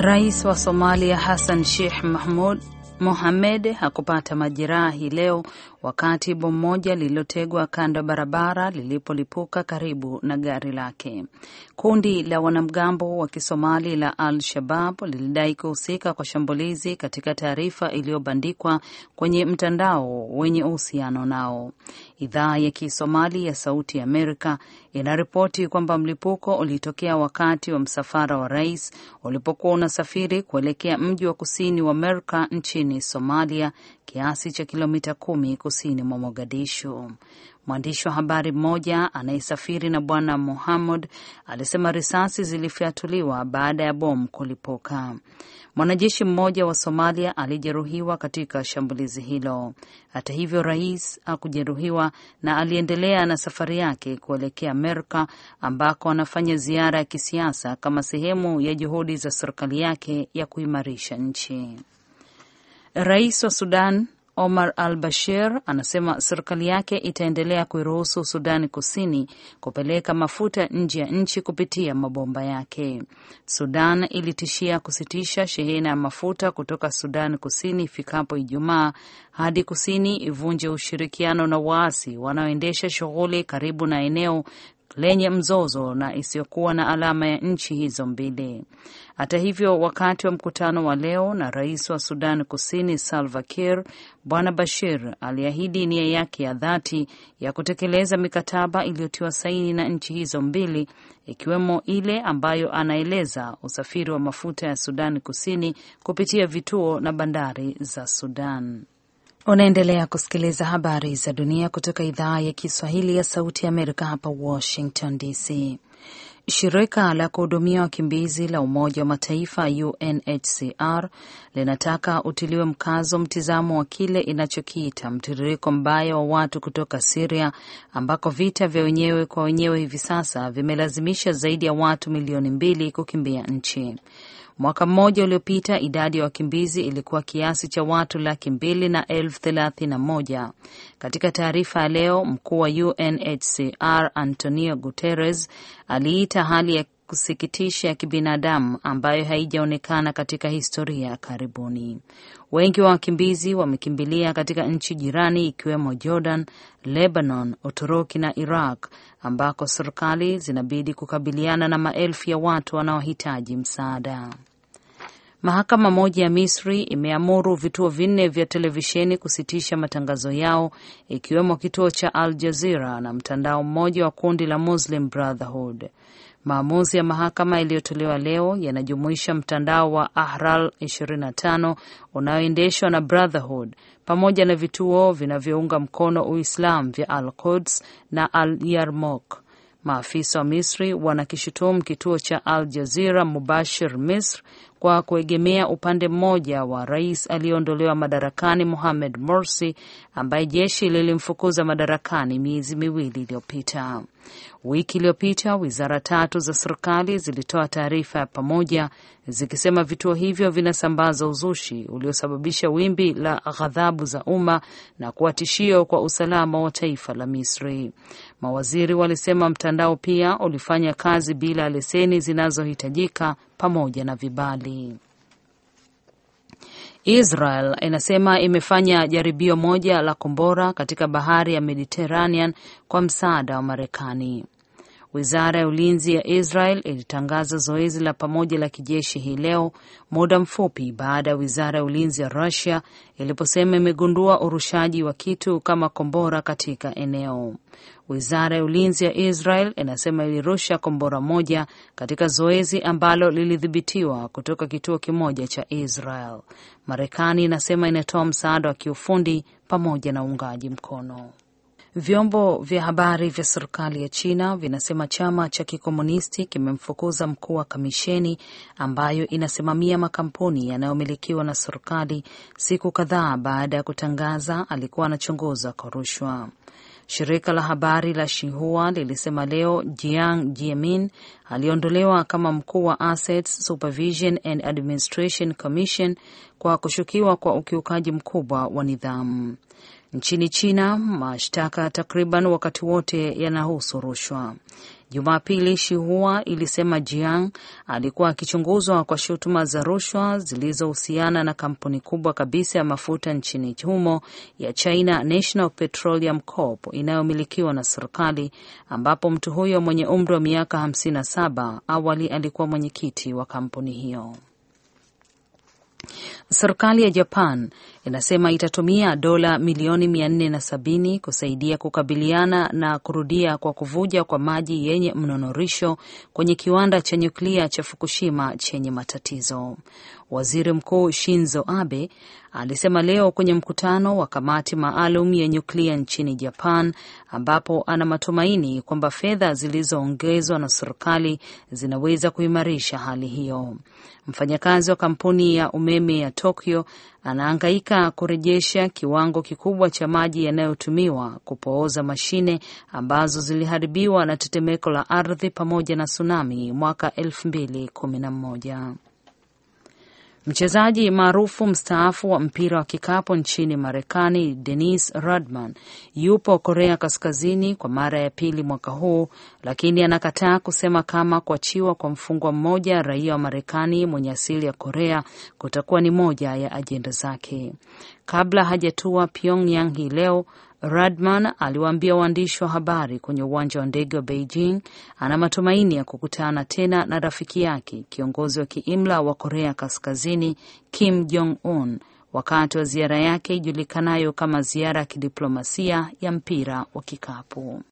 رئيس وصوماليا حسن شيح محمود Mohamed hakupata majeraha hii leo wakati bomu moja lililotegwa kando ya barabara lilipolipuka karibu na gari lake. Kundi la wanamgambo wa Kisomali la Al-Shabab lilidai kuhusika kwa shambulizi katika taarifa iliyobandikwa kwenye mtandao wenye uhusiano nao. Idhaa ya Kisomali ya Sauti ya Amerika inaripoti kwamba mlipuko ulitokea wakati wa msafara wa rais ulipokuwa unasafiri kuelekea mji wa kusini wa Merka nchini nchini Somalia, kiasi cha kilomita kumi kusini mwa Mogadishu. Mwandishi wa habari mmoja anayesafiri na Bwana Muhammad alisema risasi zilifyatuliwa baada ya bomu kulipuka. Mwanajeshi mmoja wa Somalia alijeruhiwa katika shambulizi hilo. Hata hivyo, rais hakujeruhiwa na aliendelea na safari yake kuelekea Merka ambako anafanya ziara ya kisiasa kama sehemu ya juhudi za serikali yake ya kuimarisha nchi. Rais wa Sudan Omar al Bashir anasema serikali yake itaendelea kuiruhusu Sudani Kusini kupeleka mafuta nje ya nchi kupitia mabomba yake. Sudan ilitishia kusitisha shehena ya mafuta kutoka Sudan Kusini ifikapo Ijumaa hadi kusini ivunje ushirikiano na waasi wanaoendesha shughuli karibu na eneo lenye mzozo na isiyokuwa na alama ya nchi hizo mbili. Hata hivyo, wakati wa mkutano wa leo na rais wa Sudan Kusini Salva Kiir, Bwana Bashir aliahidi nia yake ya dhati ya kutekeleza mikataba iliyotiwa saini na nchi hizo mbili, ikiwemo ile ambayo anaeleza usafiri wa mafuta ya Sudan Kusini kupitia vituo na bandari za Sudan. Unaendelea kusikiliza habari za dunia kutoka idhaa ya Kiswahili ya Sauti ya Amerika, hapa Washington DC. Shirika la kuhudumia wakimbizi la Umoja wa Mataifa UNHCR linataka utiliwe mkazo mtizamo wa kile inachokiita mtiririko mbaya wa watu kutoka Siria ambako vita vya wenyewe kwa wenyewe hivi sasa vimelazimisha zaidi ya watu milioni mbili kukimbia nchi. Mwaka mmoja uliopita idadi ya wa wakimbizi ilikuwa kiasi cha watu laki mbili na elfu thelathini na moja. Katika taarifa ya leo, mkuu wa UNHCR Antonio Guterres aliita hali ya kusikitisha ya kibinadamu ambayo haijaonekana katika historia ya karibuni. Wengi wa wakimbizi wamekimbilia katika nchi jirani ikiwemo Jordan, Lebanon, Uturuki na Iraq ambako serikali zinabidi kukabiliana na maelfu ya watu wanaohitaji msaada. Mahakama moja ya Misri imeamuru vituo vinne vya televisheni kusitisha matangazo yao ikiwemo kituo cha Al Jazeera na mtandao mmoja wa kundi la Muslim Brotherhood. Maamuzi ya mahakama yaliyotolewa leo yanajumuisha mtandao wa Ahral 25 unaoendeshwa na Brotherhood pamoja na vituo vinavyounga mkono Uislam vya Al Quds na Al Yarmouk. Maafisa wa Misri wanakishutumu kituo cha Al Jazira Mubashir Misr kwa kuegemea upande mmoja wa rais aliyeondolewa madarakani Mohamed Morsi ambaye jeshi lilimfukuza madarakani miezi miwili iliyopita. Wiki iliyopita wizara tatu za serikali zilitoa taarifa ya pamoja zikisema vituo hivyo vinasambaza uzushi uliosababisha wimbi la ghadhabu za umma na kuwa tishio kwa usalama wa taifa la Misri. Mawaziri walisema mtandao pia ulifanya kazi bila leseni zinazohitajika pamoja na vibali. Israel inasema imefanya jaribio moja la kombora katika bahari ya Mediterranean kwa msaada wa Marekani. Wizara ya ulinzi ya Israel ilitangaza zoezi la pamoja la kijeshi hii leo, muda mfupi baada ya wizara ya ulinzi ya Rusia iliposema imegundua urushaji wa kitu kama kombora katika eneo. Wizara ya ulinzi ya Israel inasema ilirusha kombora moja katika zoezi ambalo lilidhibitiwa kutoka kituo kimoja cha Israel. Marekani inasema inatoa msaada wa kiufundi pamoja na uungaji mkono. Vyombo vya habari vya serikali ya China vinasema chama cha kikomunisti kimemfukuza mkuu wa kamisheni ambayo inasimamia makampuni yanayomilikiwa na serikali siku kadhaa baada ya kutangaza alikuwa anachunguza kwa rushwa. Shirika la habari la Shihua lilisema leo Jiang Jiemin aliondolewa kama mkuu wa Assets Supervision and Administration Commission kwa kushukiwa kwa ukiukaji mkubwa wa nidhamu. Nchini China, mashtaka takriban wakati wote yanahusu rushwa. Jumapili, Shihua ilisema Jiang alikuwa akichunguzwa kwa shutuma za rushwa zilizohusiana na kampuni kubwa kabisa ya mafuta nchini humo ya China National Petroleum Corp inayomilikiwa na serikali, ambapo mtu huyo mwenye umri wa miaka 57 awali alikuwa mwenyekiti wa kampuni hiyo. Serikali ya Japan inasema itatumia dola milioni 470 kusaidia kukabiliana na kurudia kwa kuvuja kwa maji yenye mnunurisho kwenye kiwanda cha nyuklia cha Fukushima chenye matatizo. Waziri Mkuu Shinzo Abe alisema leo kwenye mkutano wa kamati maalum ya nyuklia nchini Japan, ambapo ana matumaini kwamba fedha zilizoongezwa na serikali zinaweza kuimarisha hali hiyo. Mfanyakazi wa kampuni ya umeme ya Tokyo anaangaika kurejesha kiwango kikubwa cha maji yanayotumiwa kupooza mashine ambazo ziliharibiwa na tetemeko la ardhi pamoja na tsunami mwaka 2011. Mchezaji maarufu mstaafu wa mpira wa kikapu nchini Marekani, Dennis Rodman yupo Korea Kaskazini kwa mara ya pili mwaka huu, lakini anakataa kusema kama kuachiwa kwa mfungwa mmoja raia wa Marekani mwenye asili ya Korea kutakuwa ni moja ya ajenda zake. Kabla hajatua Pyongyang hii leo, Radman aliwaambia waandishi wa habari kwenye uwanja wa ndege wa Beijing ana matumaini ya kukutana tena na rafiki yake kiongozi wa kiimla wa Korea Kaskazini Kim Jong Un wakati wa ziara yake ijulikanayo kama ziara ya kidiplomasia ya mpira wa kikapu.